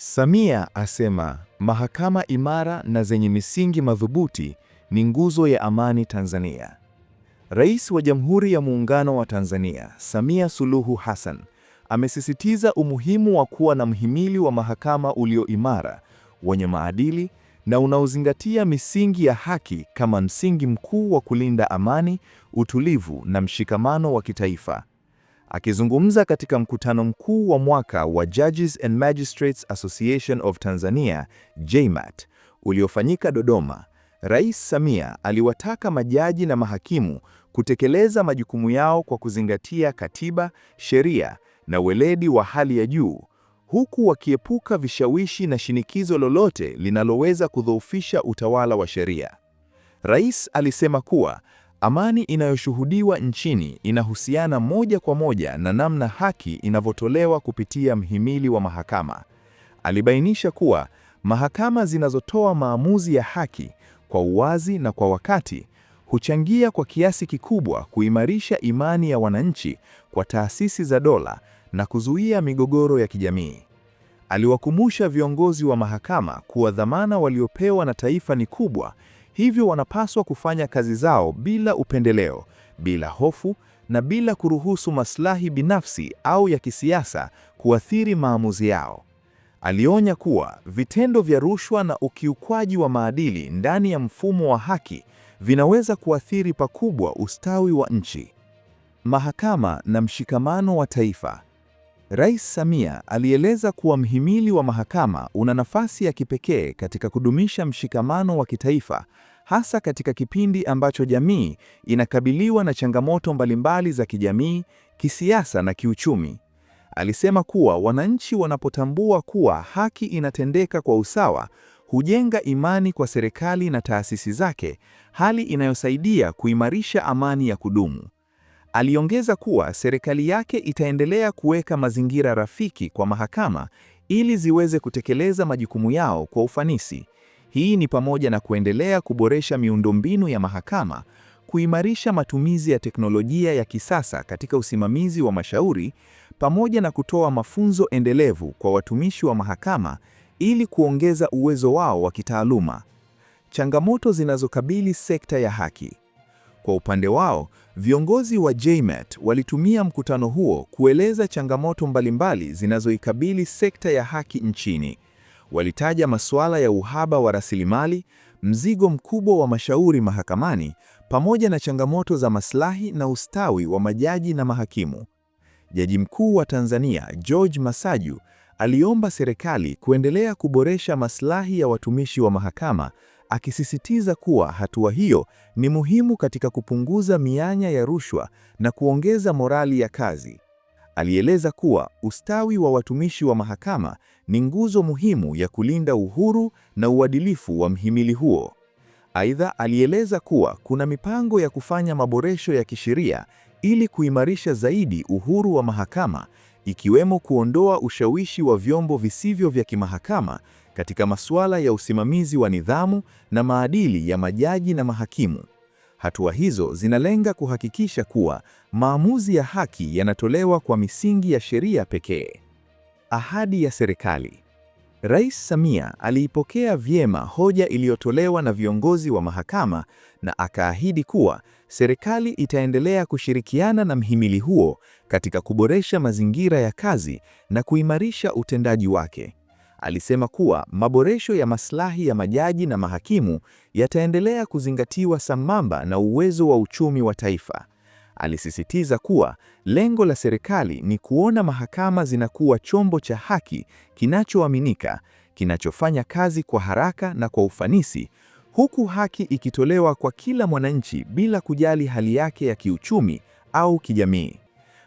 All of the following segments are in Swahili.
Samia asema mahakama imara na zenye misingi madhubuti ni nguzo ya amani Tanzania. Rais wa Jamhuri ya Muungano wa Tanzania, Samia Suluhu Hassan, amesisitiza umuhimu wa kuwa na mhimili wa mahakama ulio imara, wenye maadili na unaozingatia misingi ya haki kama msingi mkuu wa kulinda amani, utulivu na mshikamano wa kitaifa. Akizungumza katika mkutano mkuu wa mwaka wa Judges and Magistrates Association of Tanzania JMAT uliofanyika Dodoma, Rais Samia aliwataka majaji na mahakimu kutekeleza majukumu yao kwa kuzingatia katiba, sheria na weledi wa hali ya juu, huku wakiepuka vishawishi na shinikizo lolote linaloweza kudhoofisha utawala wa sheria. Rais alisema kuwa Amani inayoshuhudiwa nchini inahusiana moja kwa moja na namna haki inavyotolewa kupitia mhimili wa mahakama. Alibainisha kuwa mahakama zinazotoa maamuzi ya haki kwa uwazi na kwa wakati huchangia kwa kiasi kikubwa kuimarisha imani ya wananchi kwa taasisi za dola na kuzuia migogoro ya kijamii. Aliwakumbusha viongozi wa mahakama kuwa dhamana waliopewa na taifa ni kubwa hivyo wanapaswa kufanya kazi zao bila upendeleo, bila hofu na bila kuruhusu maslahi binafsi au ya kisiasa kuathiri maamuzi yao. Alionya kuwa vitendo vya rushwa na ukiukwaji wa maadili ndani ya mfumo wa haki vinaweza kuathiri pakubwa ustawi wa nchi. Mahakama na mshikamano wa taifa. Rais Samia alieleza kuwa mhimili wa mahakama una nafasi ya kipekee katika kudumisha mshikamano wa kitaifa, hasa katika kipindi ambacho jamii inakabiliwa na changamoto mbalimbali za kijamii, kisiasa na kiuchumi. Alisema kuwa wananchi wanapotambua kuwa haki inatendeka kwa usawa, hujenga imani kwa serikali na taasisi zake, hali inayosaidia kuimarisha amani ya kudumu. Aliongeza kuwa serikali yake itaendelea kuweka mazingira rafiki kwa mahakama ili ziweze kutekeleza majukumu yao kwa ufanisi. Hii ni pamoja na kuendelea kuboresha miundombinu ya mahakama, kuimarisha matumizi ya teknolojia ya kisasa katika usimamizi wa mashauri, pamoja na kutoa mafunzo endelevu kwa watumishi wa mahakama ili kuongeza uwezo wao wa kitaaluma. Changamoto zinazokabili sekta ya haki. Kwa upande wao, viongozi wa JMET walitumia mkutano huo kueleza changamoto mbalimbali zinazoikabili sekta ya haki nchini. Walitaja masuala ya uhaba wa rasilimali, mzigo mkubwa wa mashauri mahakamani, pamoja na changamoto za maslahi na ustawi wa majaji na mahakimu. Jaji Mkuu wa Tanzania, George Masaju, aliomba serikali kuendelea kuboresha maslahi ya watumishi wa mahakama akisisitiza kuwa hatua hiyo ni muhimu katika kupunguza mianya ya rushwa na kuongeza morali ya kazi. Alieleza kuwa ustawi wa watumishi wa mahakama ni nguzo muhimu ya kulinda uhuru na uadilifu wa mhimili huo. Aidha, alieleza kuwa kuna mipango ya kufanya maboresho ya kisheria ili kuimarisha zaidi uhuru wa mahakama, ikiwemo kuondoa ushawishi wa vyombo visivyo vya kimahakama katika masuala ya usimamizi wa nidhamu na maadili ya majaji na mahakimu. Hatua hizo zinalenga kuhakikisha kuwa maamuzi ya haki yanatolewa kwa misingi ya sheria pekee. Ahadi ya serikali. Rais Samia aliipokea vyema hoja iliyotolewa na viongozi wa mahakama na akaahidi kuwa serikali itaendelea kushirikiana na mhimili huo katika kuboresha mazingira ya kazi na kuimarisha utendaji wake. Alisema kuwa maboresho ya maslahi ya majaji na mahakimu yataendelea kuzingatiwa sambamba na uwezo wa uchumi wa taifa. Alisisitiza kuwa lengo la serikali ni kuona mahakama zinakuwa chombo cha haki kinachoaminika, kinachofanya kazi kwa haraka na kwa ufanisi, huku haki ikitolewa kwa kila mwananchi bila kujali hali yake ya kiuchumi au kijamii.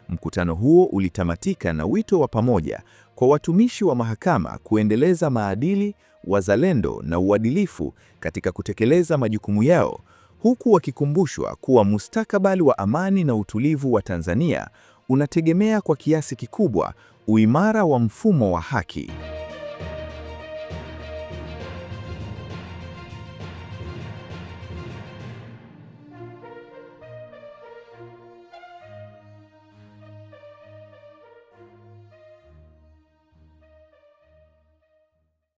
Mkutano huo ulitamatika na wito wa pamoja kwa watumishi wa mahakama kuendeleza maadili, wazalendo na uadilifu katika kutekeleza majukumu yao, huku wakikumbushwa kuwa mustakabali wa amani na utulivu wa Tanzania unategemea kwa kiasi kikubwa uimara wa mfumo wa haki.